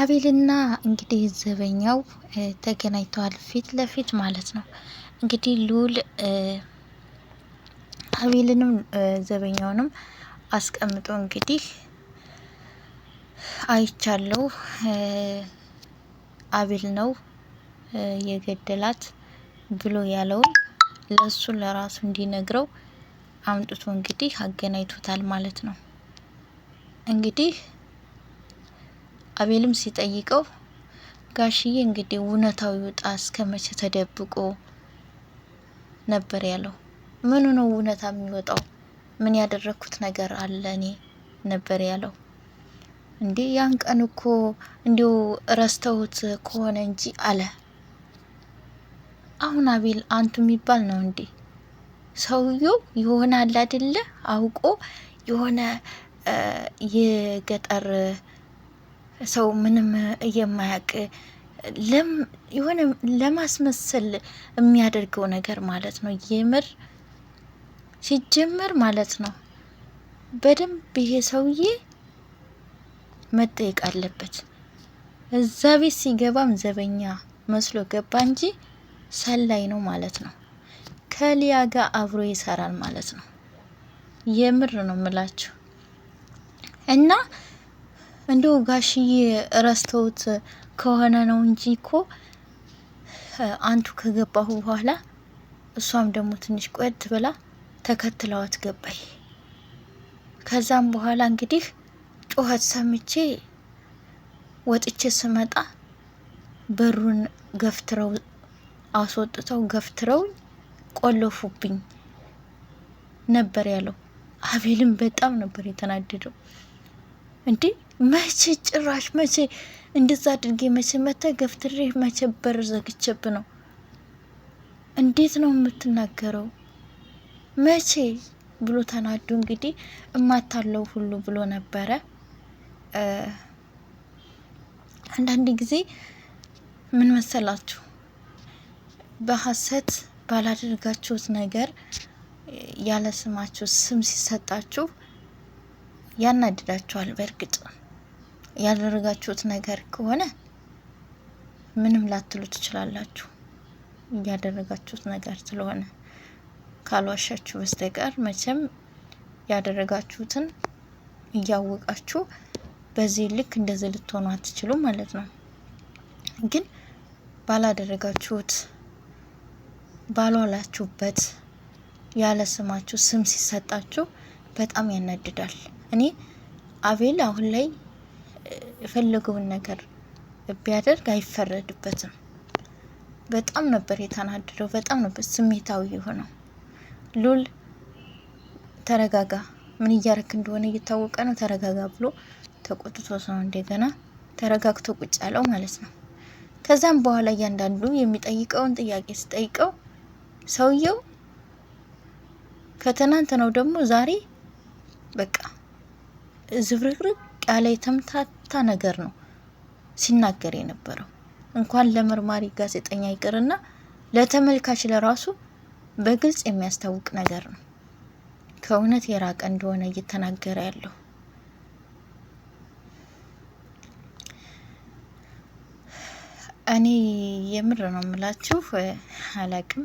አቤልና እንግዲህ ዘበኛው ተገናኝተዋል፣ ፊት ለፊት ማለት ነው። እንግዲህ ልዑል አቤልንም ዘበኛውንም አስቀምጦ እንግዲህ አይቻለው፣ አቤል ነው የገደላት ብሎ ያለውን ለሱ ለራሱ እንዲነግረው አምጥቶ እንግዲህ አገናኝቶታል ማለት ነው እንግዲህ አቤልም ሲጠይቀው ጋሽዬ እንግዲህ እውነታው ይውጣ እስከ መቼ ተደብቆ ነበር ያለው። ምኑ ነው እውነታ የሚወጣው? ምን ያደረኩት ነገር አለ እኔ ነበር ያለው። እንዴ ያን ቀን እኮ እንዲው ረስተውት ከሆነ እንጂ አለ። አሁን አቤል አንቱ የሚባል ነው እንዴ? ሰውየው የሆነ አለ አይደለ አውቆ የሆነ የገጠር ሰው ምንም የማያውቅ የሆነ ለማስመሰል የሚያደርገው ነገር ማለት ነው። የምር ሲጀመር ማለት ነው። በደንብ ይሄ ሰውዬ መጠየቅ አለበት። እዛ ቤት ሲገባም ዘበኛ መስሎ ገባ እንጂ ሰላይ ነው ማለት ነው። ከሊያ ጋር አብሮ ይሰራል ማለት ነው። የምር ነው የምላችሁ እና እንደው ጋሽዬ እረስተውት ከሆነ ነው እንጂ እኮ አንቱ ከገባሁ በኋላ እሷም ደግሞ ትንሽ ቆየት ብላ ተከትለዋት ገባይ። ከዛም በኋላ እንግዲህ ጩኸት ሰምቼ ወጥቼ ስመጣ በሩን ገፍትረው አስወጥተው ገፍትረው ቆለፉብኝ ነበር ያለው። አቤልም በጣም ነበር የተናደደው። እንዴ መቼ ጭራሽ መቼ እንደዛ አድርጌ መቼ መተ ገፍትሬ መቼ በር ዘግቼብ ነው እንዴት ነው የምትናገረው? መቼ ብሎ ተናዱ። እንግዲህ እማታለው ሁሉ ብሎ ነበረ። አንዳንድ ጊዜ ምን መሰላችሁ በሀሰት ባላደርጋችሁት ነገር ያለ ስማችሁ ስም ሲሰጣችሁ ያናድዳችኋል። በእርግጥ ያደረጋችሁት ነገር ከሆነ ምንም ላትሉ ትችላላችሁ። ያደረጋችሁት ነገር ስለሆነ ካልዋሻችሁ በስተቀር መቼም ያደረጋችሁትን እያወቃችሁ በዚህ ልክ እንደዚህ ልትሆኑ አትችሉ ማለት ነው። ግን ባላደረጋችሁት ባልዋላችሁበት ያለ ስማችሁ ስም ሲሰጣችሁ በጣም ያናድዳል። እኔ አቤል አሁን ላይ የፈለገውን ነገር ቢያደርግ አይፈረድበትም። በጣም ነበር የተናደደው። በጣም ነበር ስሜታዊ የሆነው። ሉል ተረጋጋ፣ ምን እያረክ እንደሆነ እየታወቀ ነው፣ ተረጋጋ ብሎ ተቆጥቶ ሰው እንደገና ተረጋግቶ ቁጭ ያለው ማለት ነው። ከዛም በኋላ እያንዳንዱ የሚጠይቀውን ጥያቄ ሲጠይቀው ሰውየው ከትናንት ነው ደግሞ ዛሬ በቃ ዝብርቅርቅ ያለ የተምታታ ነገር ነው ሲናገር የነበረው። እንኳን ለመርማሪ ጋዜጠኛ ይቅርና ለተመልካች ለራሱ በግልጽ የሚያስታውቅ ነገር ነው። ከእውነት የራቀ እንደሆነ እየተናገረ ያለው እኔ የምር ነው የምላችሁ። አላቅም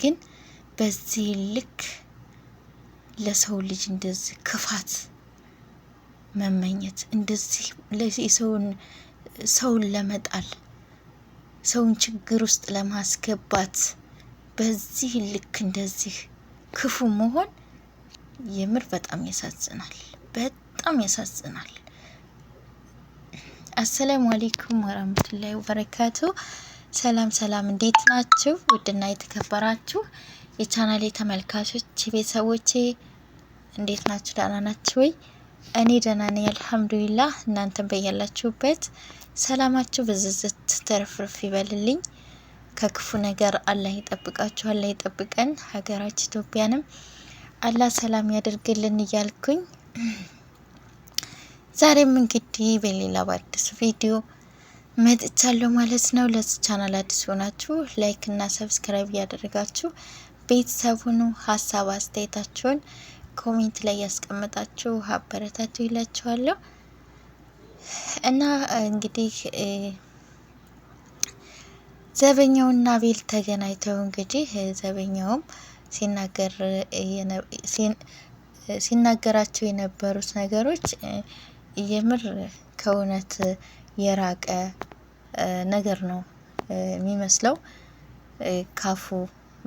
ግን በዚህ ልክ ለሰው ልጅ እንደዚህ ክፋት መመኘት እንደዚህ ሰውን ሰውን ለመጣል ሰውን ችግር ውስጥ ለማስገባት በዚህ ልክ እንደዚህ ክፉ መሆን የምር በጣም ያሳዝናል። በጣም ያሳዝናል። አሰላሙ አሌይኩም ወራህመቱላሂ ወበረካቱ። ሰላም ሰላም፣ እንዴት ናችሁ? ውድና የተከበራችሁ የቻናሌ ተመልካቾች ቤተሰቦቼ እንዴት ናችሁ? ደህና ናችሁ ወይ? እኔ ደህና ነኝ አልሐምዱሊላህ። እናንተም በያላችሁበት ሰላማችሁ ብዝዝት ተረፍርፍ ይበልልኝ። ከክፉ ነገር አላህ ይጠብቃችሁ፣ አላህ ይጠብቀን። ሀገራችን ኢትዮጵያንም አላህ ሰላም ያደርግልን እያልኩኝ ዛሬም እንግዲህ በሌላ በአዲስ ቪዲዮ መጥቻለሁ ማለት ነው። ለዚህ ቻናል አዲስ ሆናችሁ ላይክ እና ሰብስክራይብ እያደረጋችሁ ቤተሰቡን ሀሳብ አስተያየታችሁን ኮሜንት ላይ ያስቀመጣችሁ አበረታቱ ይላችኋለሁ። እና እንግዲህ ዘበኛውና አቤል ተገናኝተው እንግዲህ ዘበኛውም ሲናገራቸው የነበሩት ነገሮች የምር ከእውነት የራቀ ነገር ነው የሚመስለው። ካፉ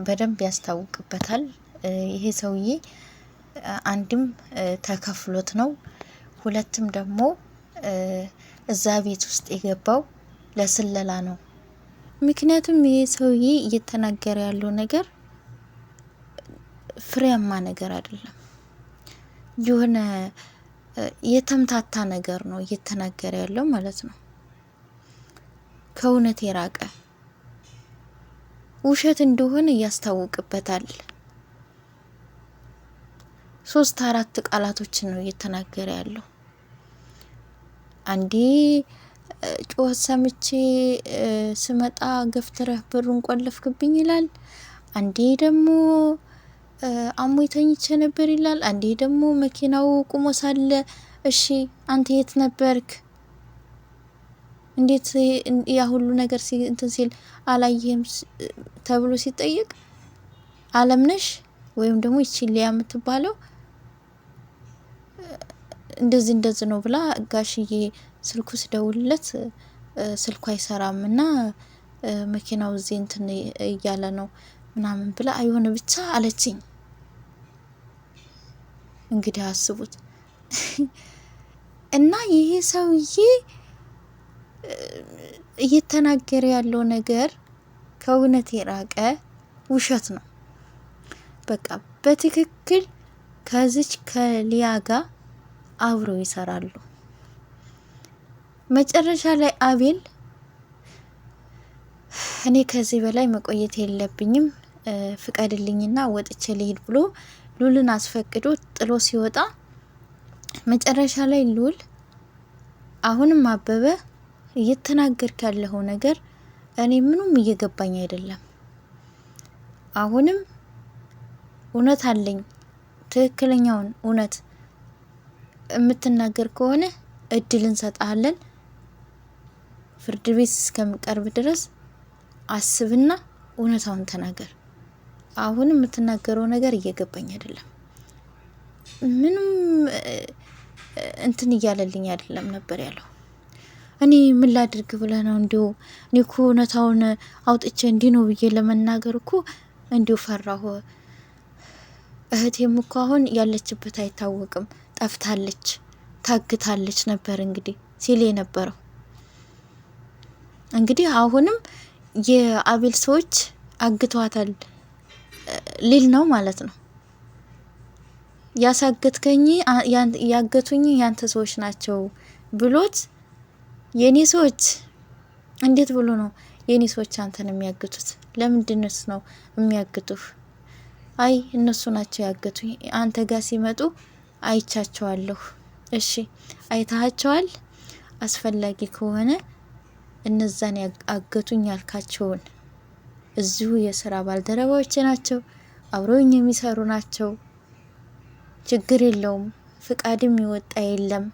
በደንብ ያስታውቅበታል ይሄ ሰውዬ። አንድም ተከፍሎት ነው፣ ሁለትም ደግሞ እዛ ቤት ውስጥ የገባው ለስለላ ነው። ምክንያቱም ይህ ሰውዬ እየተናገረ ያለው ነገር ፍሬያማ ነገር አይደለም። የሆነ የተምታታ ነገር ነው እየተናገረ ያለው ማለት ነው። ከእውነት የራቀ ውሸት እንደሆነ ያስታውቅበታል። ሶስት አራት ቃላቶችን ነው እየተናገረ ያለው። አንዴ ጩኸት ሰምቼ ስመጣ ገፍትረህ ብሩን ቆለፍክብኝ ይላል። አንዴ ደግሞ አሞ ተኝቼ ነበር ይላል። አንዴ ደግሞ መኪናው ቁሞ ሳለ እሺ አንተ የት ነበርክ? እንዴት ያ ሁሉ ነገር እንትን ሲል አላየህም ተብሎ ሲጠየቅ አለምነሽ ወይም ደግሞ ይቺ ሊያ የምትባለው እንደዚህ እንደዚህ ነው ብላ ጋሽዬ ስልኩ ስደውልለት ስልኩ አይሰራም እና መኪናው እዚህ እንትን እያለ ነው ምናምን ብላ አይሆነ ብቻ አለችኝ። እንግዲህ አስቡት እና ይሄ ሰውዬ እየተናገረ ያለው ነገር ከእውነት የራቀ ውሸት ነው። በቃ በትክክል ከዚች ከሊያ ጋር አብረው ይሰራሉ። መጨረሻ ላይ አቤል እኔ ከዚህ በላይ መቆየት የለብኝም ፍቀድልኝና ወጥቼ ልሄድ ብሎ ሉልን አስፈቅዶ ጥሎ ሲወጣ መጨረሻ ላይ ሉል አሁንም አበበ እየተናገርክ ያለው ነገር እኔ ምኑም እየገባኝ አይደለም። አሁንም እውነት አለኝ ትክክለኛውን እውነት የምትናገር ከሆነ እድል እንሰጣለን። ፍርድ ቤት እስከሚቀርብ ድረስ አስብና እውነታውን ተናገር። አሁን የምትናገረው ነገር እየገባኝ አይደለም። ምንም እንትን እያለልኝ አይደለም ነበር ያለው። እኔ ምን ላድርግ ብለ ነው? እንዲሁ እኔ እኮ እውነታውን አውጥቼ እንዲህ ነው ብዬ ለመናገር እኮ እንዲሁ ፈራሁ። እህቴም እኮ አሁን ያለችበት አይታወቅም። ጠፍታለች፣ ታግታለች ነበር እንግዲህ ሲል የነበረው። እንግዲህ አሁንም የአቤል ሰዎች አግቷታል ሊል ነው ማለት ነው። ያሳገትከኝ ያገቱኝ ያንተ ሰዎች ናቸው ብሎት የኔ ሰዎች እንዴት ብሎ ነው የኔ ሰዎች አንተን የሚያግቱት? ለምንድንስ ነው የሚያግቱህ? አይ እነሱ ናቸው ያገቱኝ አንተ ጋር ሲመጡ አይቻቸዋለሁ። እሺ አይታቸዋል አስፈላጊ ከሆነ እነዛን አገቱኝ ያልካቸውን እዚሁ የስራ ባልደረባዎች ናቸው፣ አብረውኝ የሚሰሩ ናቸው። ችግር የለውም። ፍቃድም ይወጣ የለም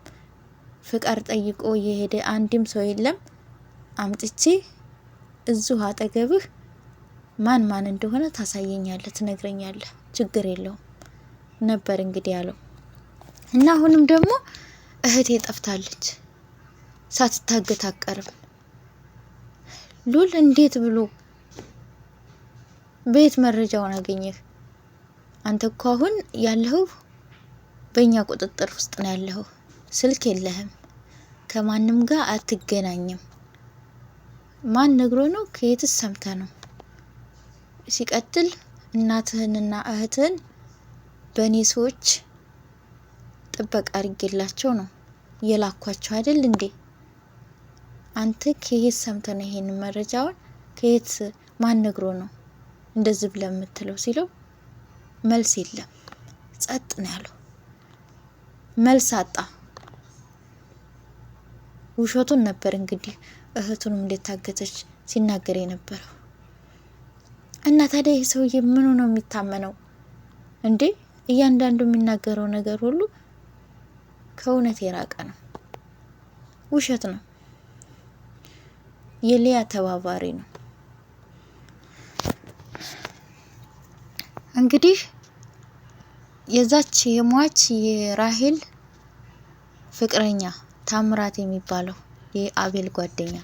ፍቃድ ጠይቆ የሄደ አንድም ሰው የለም። አምጥቼ እዚሁ አጠገብህ ማን ማን እንደሆነ ታሳየኛለህ፣ ትነግረኛለህ። ችግር የለውም ነበር እንግዲህ ያለው። እና አሁንም ደግሞ እህቴ ጠፍታለች ሳትታገት አቀርም ሉል እንዴት ብሎ በየት መረጃውን አገኘህ? አንተ እኮ አሁን ያለኸው በእኛ ቁጥጥር ውስጥ ነው ያለኸው። ስልክ የለህም፣ ከማንም ጋር አትገናኝም። ማን ነግሮ ነው? ከየትስ ሰምተ ነው? ሲቀጥል እናትህንና እህትህን በእኔ ሰዎች ጥበቃ አድርጌላቸው ነው የላኳቸው አይደል እንዴ? አንተ ከየት ሰምተ ነው ይሄን መረጃውን ከየት ማን ነግሮ ነው እንደዚህ ብለ የምትለው ሲለው መልስ የለም ጸጥ ነው ያለው። መልስ አጣ። ውሸቱን ነበር እንግዲህ እህቱንም እንደታገተች ሲናገር የነበረው እና ታዲያ ይህ ሰውዬ ምኑ ነው የሚታመነው እንዴ? እያንዳንዱ የሚናገረው ነገር ሁሉ ከእውነት የራቀ ነው፣ ውሸት ነው፣ የሊያ ተባባሪ ነው። እንግዲህ የዛች የሟች የራሄል ፍቅረኛ ታምራት የሚባለው የአቤል ጓደኛ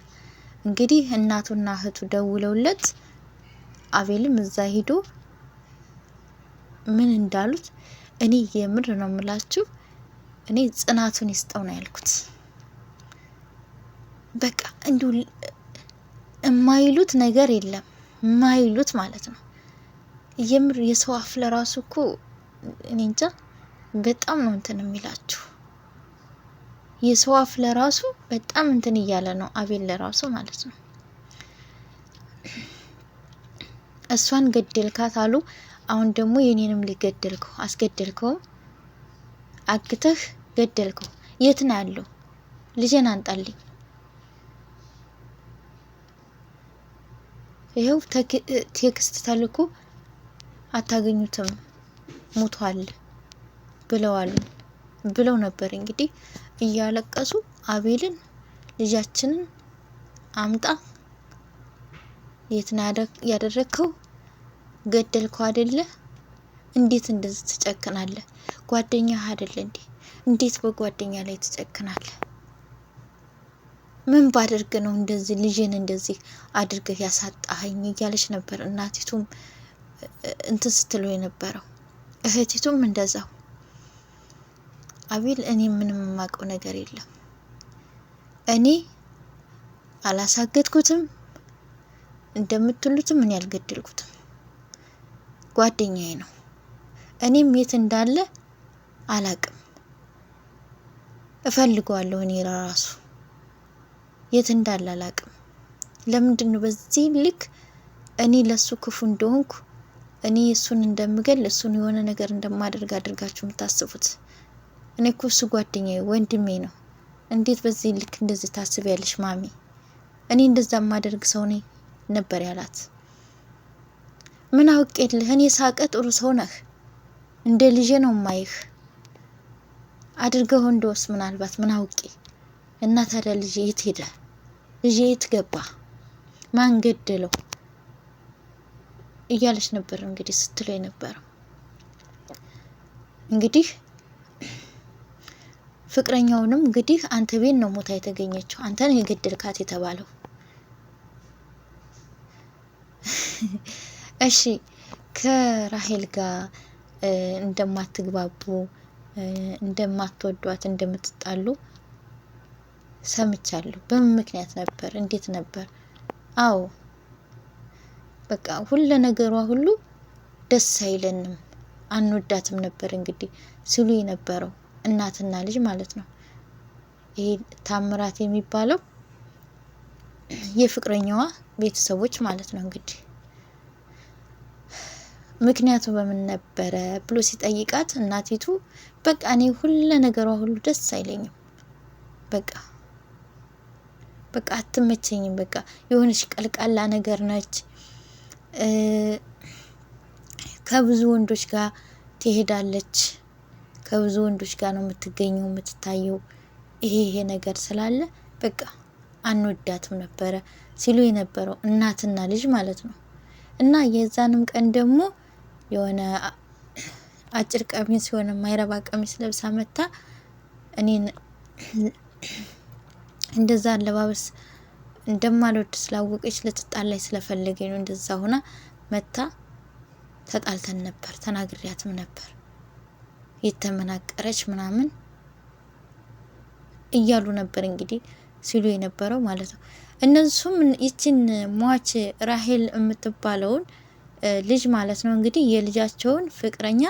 እንግዲህ እናቱና እህቱ ደውለውለት አቤልም እዛ ሂዶ ምን እንዳሉት እኔ የምር ነው የምላችሁ እኔ ጽናቱን ይስጠው ነው ያልኩት። በቃ እንዲሁ የማይሉት ነገር የለም የማይሉት ማለት ነው። የምር የሰው አፍ ለራሱ እኮ እኔ እንጃ በጣም ነው እንትን የሚላችሁ። የሰው አፍ ለራሱ በጣም እንትን እያለ ነው አቤል ለራሱ ማለት ነው። እሷን ገደልካት አሉ። አሁን ደግሞ የኔንም ሊገደልከው አስገደልከውም አግተህ ገደልከው። የት ነው ያለው? ልጄን አንጣልኝ። ይኸው ቴክስት ተልኮ አታገኙትም ሞቷል ብለዋል ብለው ነበር። እንግዲህ እያለቀሱ አቤልን ልጃችንን አምጣ፣ የት ነው ያደረግከው? ገደልከው አይደለ? እንዴት እንደዚህ ትጨክናለህ? ጓደኛ አይደል እንዴ? እንዴት በጓደኛ ላይ ትጨክናለህ? ምን ባደርግ ነው እንደዚህ ልጅን እንደዚህ አድርገህ ያሳጣኸኝ እያለች ነበር እናቲቱም እንትን ስትሎ የነበረው እህቲቱም እንደዛው። አቤል እኔ ምንም የማውቀው ነገር የለም እኔ አላሳገድኩትም እንደምትሉትም እኔ አልገደልኩትም ጓደኛዬ ነው። እኔም የት እንዳለ አላቅም። እፈልገዋለሁ እኔ ራሱ የት እንዳለ አላቅም። ለምንድን ነው በዚህ ልክ እኔ ለሱ ክፉ እንደሆንኩ እኔ እሱን እንደምገል እሱን የሆነ ነገር እንደማደርግ አድርጋችሁ የምታስቡት? እኔ እኮ እሱ ጓደኛዬ ወንድሜ ነው። እንዴት በዚህ ልክ እንደዚህ ታስቢያለሽ ማሚ? እኔ እንደዛ የማደርግ ሰው ነኝ ነበር ያላት። ምን አውቄልህ፣ እኔ ሳቀ ጥሩ ሰው ነህ፣ እንደ ልጄ ነው ማይህ አድርገው እንደወስ ምናልባት ምን አውቄ እና ታዲያ ልጅ የት ሄደ? ልጄ የት ገባ? ማን ገደለው? እያለች ነበር እንግዲህ ስትለው የነበረው እንግዲህ ፍቅረኛውንም እንግዲህ አንተ ቤት ነው ሞታ የተገኘችው፣ ነው የገደልካት የተባለው። እሺ ከራሄል ጋር እንደማትግባቡ እንደማትወዷት እንደምትጣሉ ሰምቻለሁ። በምን ምክንያት ነበር? እንዴት ነበር? አዎ በቃ ሁለ ነገሯ ሁሉ ደስ አይለንም፣ አንወዳትም ነበር እንግዲህ ሲሉ የነበረው እናትና ልጅ ማለት ነው። ይሄ ታምራት የሚባለው የፍቅረኛዋ ቤተሰቦች ማለት ነው እንግዲህ ምክንያቱ በምን ነበረ ብሎ ሲጠይቃት እናቲቱ በቃ እኔ ሁለ ነገሯ ሁሉ ደስ አይለኝም፣ በቃ በቃ አትመቸኝም፣ በቃ የሆነች ቀልቃላ ነገር ነች፣ ከብዙ ወንዶች ጋር ትሄዳለች፣ ከብዙ ወንዶች ጋር ነው የምትገኘው የምትታየው፣ ይሄ ይሄ ነገር ስላለ በቃ አንወዳትም ነበረ ሲሉ የነበረው እናትና ልጅ ማለት ነው። እና የዛንም ቀን ደግሞ የሆነ አጭር ቀሚስ የሆነ ማይረባ ቀሚስ ለብሳ መታ እኔን እንደዛ አለባበስ እንደማልወድ ስላወቀች ልትጣላይ ስለፈለገ ነው እንደዛ ሆና መታ። ተጣልተን ነበር፣ ተናግሪያትም ነበር የተመናቀረች ምናምን እያሉ ነበር እንግዲህ ሲሉ የነበረው ማለት ነው። እነሱም ይችን ሟች ራሄል የምትባለውን ልጅ ማለት ነው እንግዲህ የልጃቸውን ፍቅረኛ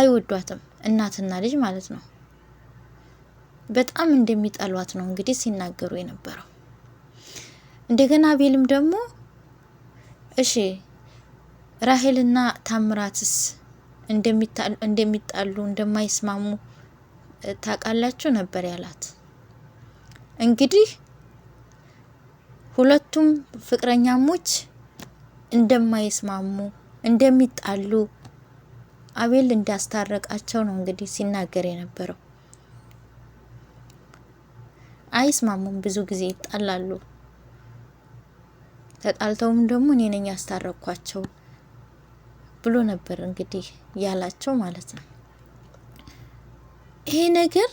አይወዷትም። እናትና ልጅ ማለት ነው በጣም እንደሚጠሏት ነው እንግዲህ ሲናገሩ የነበረው። እንደገና አቤልም ደግሞ እሺ ራሄልና ታምራትስ እንደሚጣሉ እንደማይስማሙ ታውቃላችሁ ነበር ያላት። እንግዲህ ሁለቱም ፍቅረኛሞች እንደማይስማሙ እንደሚጣሉ አቤል እንዳስታረቃቸው ነው እንግዲህ ሲናገር የነበረው። አይስማሙም፣ ብዙ ጊዜ ይጣላሉ። ተጣልተውም ደግሞ እኔ ነኝ ያስታረኳቸው ብሎ ነበር እንግዲህ ያላቸው ማለት ነው። ይሄ ነገር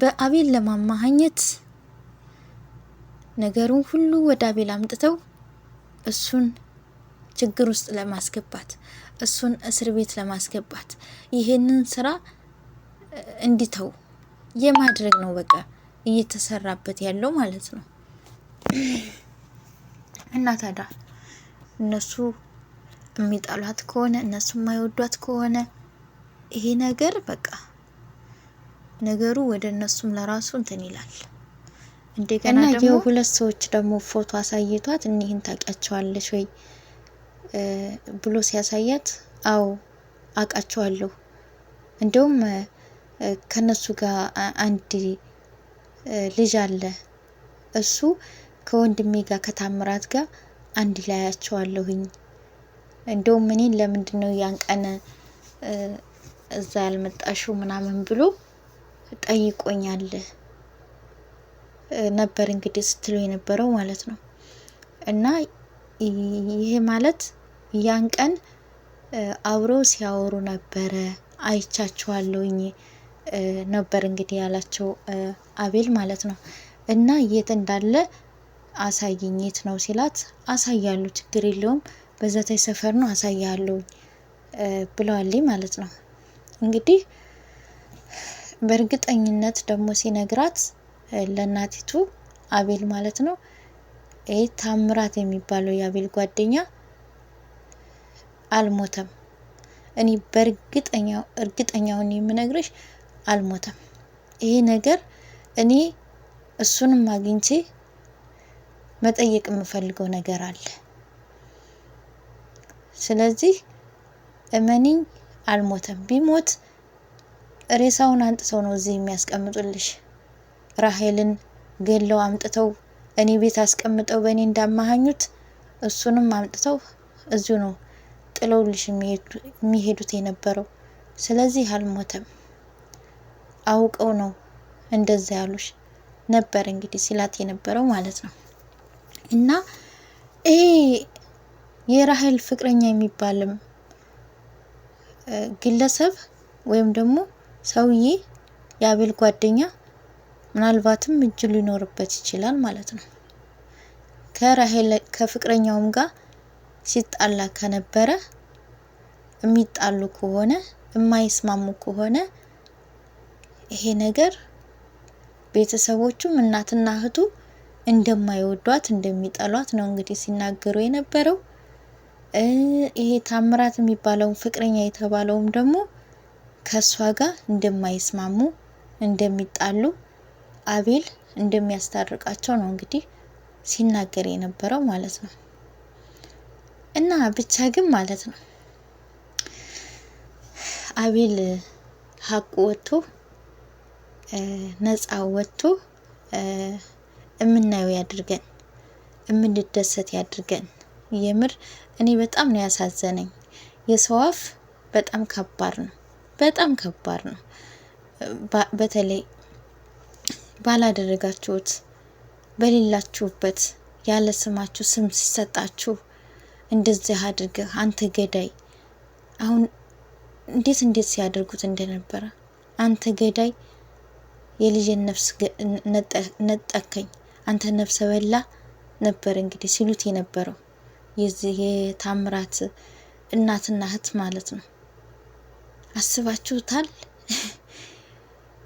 በአቤል ለማማሀኘት ነገሩን ሁሉ ወደ አቤል አምጥተው እሱን ችግር ውስጥ ለማስገባት እሱን እስር ቤት ለማስገባት ይሄንን ስራ እንዲተው የማድረግ ነው። በቃ እየተሰራበት ያለው ማለት ነው። እና ታዲያ እነሱ የሚጣሏት ከሆነ እነሱ የማይወዷት ከሆነ ይሄ ነገር በቃ ነገሩ ወደ እነሱም ለራሱ እንትን ይላል። እንደገና ደግሞ የሁለት ሰዎች ደግሞ ፎቶ አሳይቷት እኒህን ታውቂያቸዋለሽ ወይ ብሎ ሲያሳያት፣ አዎ አውቃቸዋለሁ፣ እንደውም ከነሱ ጋር አንድ ልጅ አለ፣ እሱ ከወንድሜ ጋር ከታምራት ጋር አንድ ላይ ያቸዋለሁኝ። እንደውም እኔን ለምንድን ነው ያን ቀን እዛ ያልመጣሽው ምናምን ብሎ ጠይቆኛል። ነበር እንግዲህ ስትሉ የነበረው ማለት ነው። እና ይሄ ማለት ያን ቀን አብረው ሲያወሩ ነበረ አይቻችኋለሁኝ ነበር እንግዲህ ያላቸው አቤል ማለት ነው። እና የት እንዳለ አሳይኝ የት ነው ሲላት፣ አሳያለሁ ችግር የለውም በዛታይ ሰፈር ነው አሳያለሁኝ ብለዋል ማለት ነው። እንግዲህ በእርግጠኝነት ደግሞ ሲነግራት ለእናቲቱ አቤል ማለት ነው። ይህ ታምራት የሚባለው የአቤል ጓደኛ አልሞተም። እኔ በእርግጠኛውን የምነግርሽ አልሞተም። ይሄ ነገር እኔ እሱንም አግኝቼ መጠየቅ የምፈልገው ነገር አለ። ስለዚህ እመኒኝ፣ አልሞተም። ቢሞት ሬሳውን አንጥተው ነው እዚህ የሚያስቀምጡልሽ። ራሄልን ገለው አምጥተው እኔ ቤት አስቀምጠው በእኔ እንዳማሃኙት እሱንም አምጥተው እዚሁ ነው ጥለውልሽ የሚሄዱት የነበረው። ስለዚህ አልሞተም፣ አውቀው ነው እንደዛ ያሉሽ ነበር እንግዲህ ሲላት የነበረው ማለት ነው። እና ይሄ የራሄል ፍቅረኛ የሚባልም ግለሰብ ወይም ደግሞ ሰውዬ የአቤል ጓደኛ ምናልባትም እጅ ሊኖርበት ይችላል ማለት ነው። ከራሄል ከፍቅረኛውም ጋር ሲጣላ ከነበረ የሚጣሉ ከሆነ የማይስማሙ ከሆነ ይሄ ነገር ቤተሰቦቹም እናትና እህቱ እንደማይወዷት እንደሚጠሏት ነው እንግዲህ ሲናገሩ የነበረው። ይሄ ታምራት የሚባለውም ፍቅረኛ የተባለውም ደግሞ ከእሷ ጋር እንደማይስማሙ እንደሚጣሉ አቤል እንደሚያስታርቃቸው ነው እንግዲህ ሲናገር የነበረው ማለት ነው። እና ብቻ ግን ማለት ነው አቤል ሀቁ ወጥቶ ነጻ ወጥቶ እምናየው ያድርገን፣ እምንደሰት ያድርገን። የምር እኔ በጣም ነው ያሳዘነኝ። የሰው አፍ በጣም ከባድ ነው፣ በጣም ከባድ ነው በተለይ ባላደረጋችሁት በሌላችሁበት ያለ ስማችሁ ስም ሲሰጣችሁ እንደዚህ አድርገህ አንተ ገዳይ፣ አሁን እንዴት እንዴት ሲያደርጉት እንደነበረ አንተ ገዳይ፣ የልጅን ነፍስ ነጠከኝ፣ አንተ ነፍሰ በላ ነበር እንግዲህ ሲሉት የነበረው የዚህ የታምራት እናትና እህት ማለት ነው። አስባችሁታል?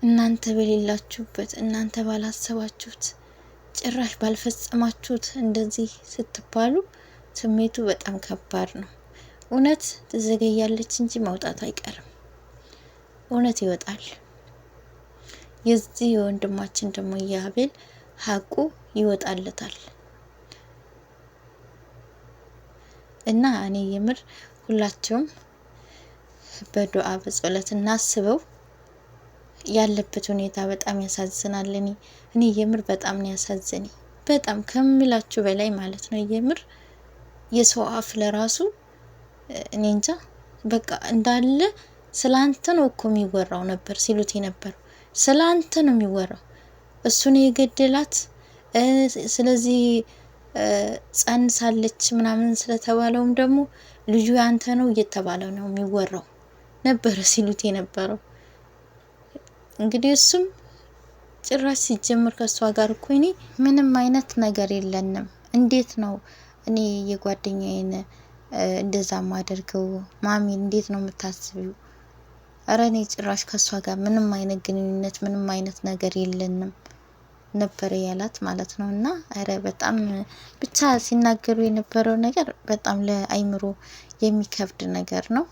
እናንተ በሌላችሁበት እናንተ ባላሰባችሁት ጭራሽ ባልፈጸማችሁት እንደዚህ ስትባሉ ስሜቱ በጣም ከባድ ነው። እውነት ትዘገያለች እንጂ መውጣት አይቀርም። እውነት ይወጣል። የዚህ የወንድማችን ደግሞ የአቤል ሀቁ ይወጣለታል እና እኔ የምር ሁላቸውም በዱዓ በጸሎት እናስበው። ያለበት ሁኔታ በጣም ያሳዝናል። እኔ እኔ የምር በጣም ነው ያሳዝነኝ፣ በጣም ከምላችሁ በላይ ማለት ነው። የምር የሰው አፍ ለራሱ እኔ እንጃ በቃ እንዳለ ስለ አንተ ነው እኮ የሚወራው ነበር ሲሉት የነበረው ስለ አንተ ነው የሚወራው፣ እሱ ነው የገደላት። ስለዚህ ጸንሳለች ምናምን ስለተባለውም ደግሞ ልጁ ያንተ ነው እየተባለ ነው የሚወራው ነበረ ሲሉት የነበረው እንግዲህ እሱም ጭራሽ ሲጀምር ከእሷ ጋር እኮ እኔ ምንም አይነት ነገር የለንም። እንዴት ነው እኔ የጓደኛዬን እንደዛ ማደርገው? ማሚ እንዴት ነው የምታስቢው? እረ እኔ ጭራሽ ከእሷ ጋር ምንም አይነት ግንኙነት ምንም አይነት ነገር የለንም ነበረ ያላት ማለት ነው። እና እረ በጣም ብቻ ሲናገሩ የነበረው ነገር በጣም ለአይምሮ የሚከብድ ነገር ነው።